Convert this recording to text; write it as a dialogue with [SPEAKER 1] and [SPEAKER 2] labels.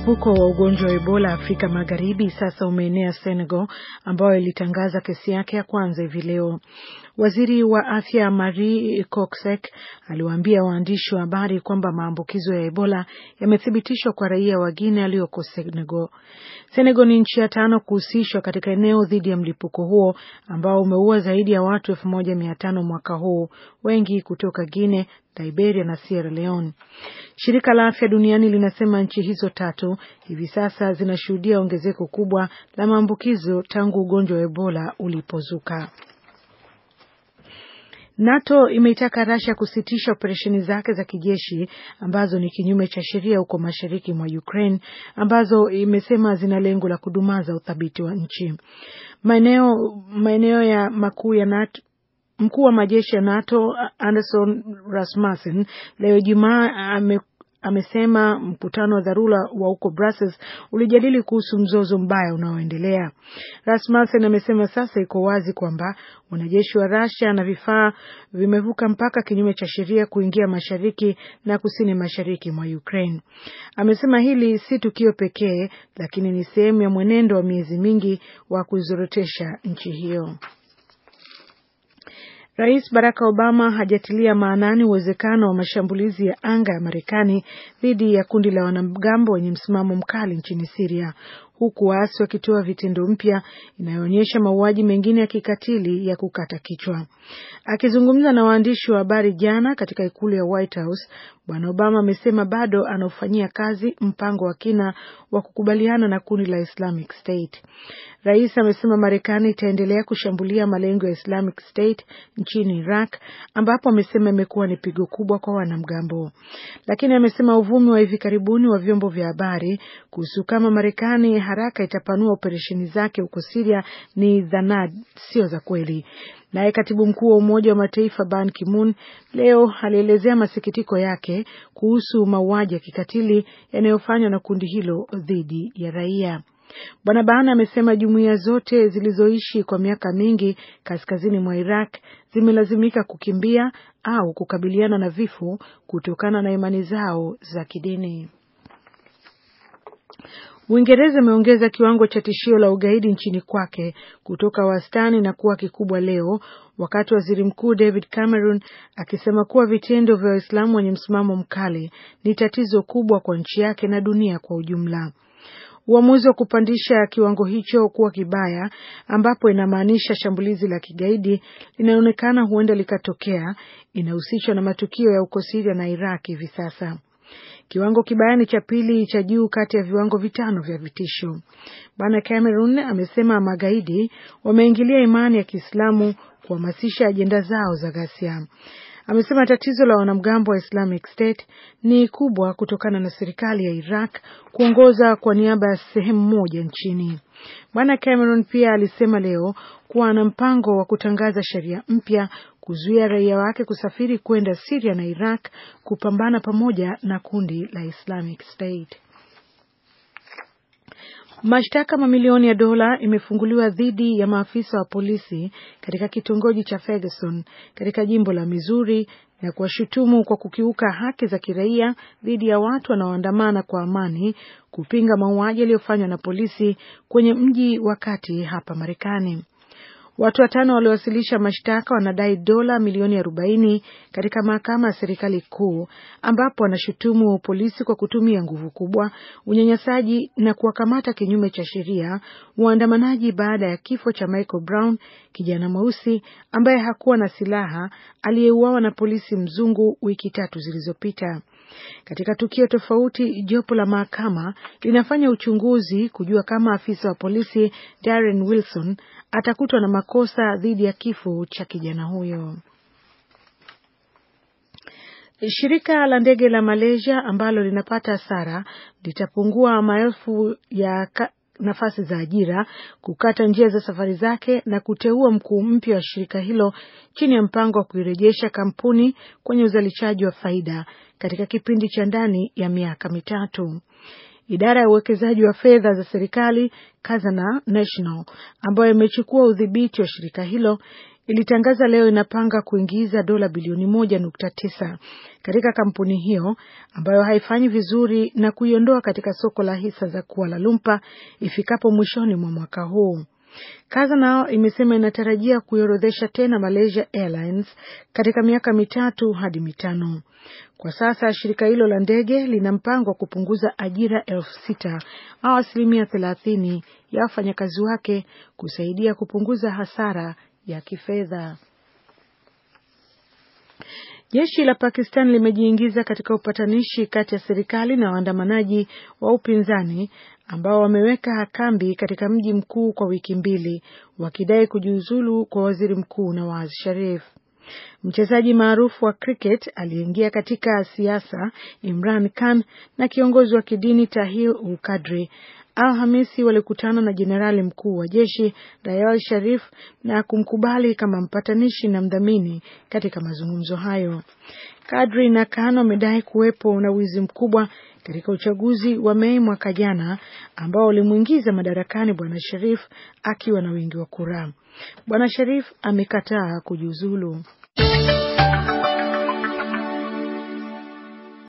[SPEAKER 1] Mlipuko wa ugonjwa wa Ebola Afrika Magharibi sasa umeenea Senegal ambayo ilitangaza kesi yake ya kwanza hivi leo. Waziri wa Afya Marie Coxek aliwaambia waandishi wa habari kwamba maambukizo ya Ebola yamethibitishwa kwa raia wa Guinea aliyoko Senegal. Senegal ni nchi ya tano kuhusishwa katika eneo dhidi ya mlipuko huo ambao umeua zaidi ya watu elfu moja mia tano mwaka huu, wengi kutoka Guinea Liberia na Sierra Leone. Shirika la Afya Duniani linasema nchi hizo tatu hivi sasa zinashuhudia ongezeko kubwa la maambukizo tangu ugonjwa wa Ebola ulipozuka. NATO imeitaka Russia kusitisha operesheni zake za kijeshi ambazo ni kinyume cha sheria huko mashariki mwa Ukraine ambazo imesema zina lengo la kudumaza uthabiti wa nchi. Maeneo maeneo ya makuu ya NATO Mkuu wa majeshi ya NATO Anderson Rasmussen leo Ijumaa ame amesema mkutano wa dharura wa huko Brussels ulijadili kuhusu mzozo mbaya unaoendelea. Rasmussen amesema sasa iko wazi kwamba wanajeshi wa Russia na vifaa vimevuka mpaka kinyume cha sheria kuingia mashariki na kusini mashariki mwa Ukraine. Amesema hili si tukio pekee, lakini ni sehemu ya mwenendo wa miezi mingi wa kuzorotesha nchi hiyo. Rais Barack Obama hajatilia maanani uwezekano wa mashambulizi ya anga ya Marekani dhidi ya kundi la wanamgambo wenye msimamo mkali nchini Siria huku waasi wakitoa vitendo mpya inayoonyesha mauaji mengine ya kikatili ya kukata kichwa. Akizungumza na waandishi wa habari jana katika ikulu ya White House, Bwana Obama amesema bado anaofanyia kazi mpango wa kina wa kukubaliana na kundi la Islamic State. Rais amesema Marekani itaendelea kushambulia malengo ya Islamic State nchini Iraq, ambapo amesema imekuwa ni pigo kubwa kwa wanamgambo, lakini amesema uvumi wa hivi karibuni wa vyombo vya habari kuhusu kama Marekani haraka itapanua operesheni zake huko Siria ni dhanad sio za kweli. Naye katibu mkuu wa Umoja wa Mataifa Ban Ki-moon leo alielezea masikitiko yake kuhusu mauaji ya kikatili yanayofanywa na kundi hilo dhidi ya raia. Bwana Ban amesema jumuiya zote zilizoishi kwa miaka mingi kaskazini mwa Iraq zimelazimika kukimbia au kukabiliana na vifo kutokana na imani zao za kidini. Uingereza imeongeza kiwango cha tishio la ugaidi nchini kwake kutoka wastani na kuwa kikubwa leo, wakati waziri mkuu David Cameron akisema kuwa vitendo vya Waislamu wenye msimamo mkali ni tatizo kubwa kwa nchi yake na dunia kwa ujumla. Uamuzi wa kupandisha kiwango hicho kuwa kibaya, ambapo inamaanisha shambulizi la kigaidi linaonekana huenda likatokea, inahusishwa na matukio ya uko Siria na Iraq hivi sasa kiwango kibayani cha pili cha juu kati ya viwango vitano vya vitisho. Bwana Cameron amesema magaidi wameingilia imani ya Kiislamu kuhamasisha ajenda zao za ghasia. Amesema tatizo la wanamgambo wa Islamic State ni kubwa kutokana na serikali ya Iraq kuongoza kwa niaba ya sehemu moja nchini. Bwana Cameron pia alisema leo kuwa ana mpango wa kutangaza sheria mpya kuzuia raia wake kusafiri kwenda Syria na Iraq kupambana pamoja na kundi la Islamic State. Mashtaka mamilioni ya dola imefunguliwa dhidi ya maafisa wa polisi katika kitongoji cha Ferguson katika jimbo la Missouri na kuwashutumu kwa kukiuka haki za kiraia dhidi ya watu wanaoandamana kwa amani kupinga mauaji yaliyofanywa na polisi kwenye mji wa kati hapa Marekani. Watu watano waliowasilisha mashtaka wanadai dola milioni arobaini katika mahakama ya serikali kuu, ambapo wanashutumu polisi kwa kutumia nguvu kubwa, unyanyasaji na kuwakamata kinyume cha sheria waandamanaji baada ya kifo cha Michael Brown, kijana mweusi ambaye hakuwa na silaha aliyeuawa na polisi mzungu wiki tatu zilizopita. Katika tukio tofauti, jopo la mahakama linafanya uchunguzi kujua kama afisa wa polisi Darren Wilson atakutwa na makosa dhidi ya kifo cha kijana huyo. Shirika la ndege la Malaysia ambalo linapata hasara litapungua maelfu ya nafasi za ajira, kukata njia za safari zake na kuteua mkuu mpya wa shirika hilo chini ya mpango wa kuirejesha kampuni kwenye uzalishaji wa faida katika kipindi cha ndani ya miaka mitatu. Idara ya uwekezaji wa fedha za serikali kazana National ambayo imechukua udhibiti wa shirika hilo ilitangaza leo inapanga kuingiza dola bilioni moja nukta tisa katika kampuni hiyo ambayo haifanyi vizuri na kuiondoa katika soko la hisa za Kuala Lumpur ifikapo mwishoni mwa mwaka huu. Kaza nao imesema inatarajia kuiorodhesha tena Malaysia Airlines katika miaka mitatu hadi mitano. Kwa sasa shirika hilo la ndege lina mpango wa kupunguza ajira elfu sita au asilimia thelathini ya wafanyakazi wake kusaidia kupunguza hasara ya kifedha. Jeshi la Pakistan limejiingiza katika upatanishi kati ya serikali na waandamanaji wa upinzani ambao wameweka kambi katika mji mkuu kwa wiki mbili wakidai kujiuzulu kwa waziri mkuu Nawaz Sharif. Mchezaji maarufu wa cricket aliyeingia katika siasa Imran Khan na kiongozi wa kidini Tahir Ulkadri Alhamisi walikutana na jenerali mkuu wa jeshi Rayal Sharif na kumkubali kama mpatanishi na mdhamini katika mazungumzo hayo. Kadri na Kano wamedai kuwepo na wizi mkubwa katika uchaguzi wa Mei mwaka jana ambao ulimwingiza madarakani bwana Sharif akiwa na wingi wa kura. Bwana Sharif amekataa kujiuzulu.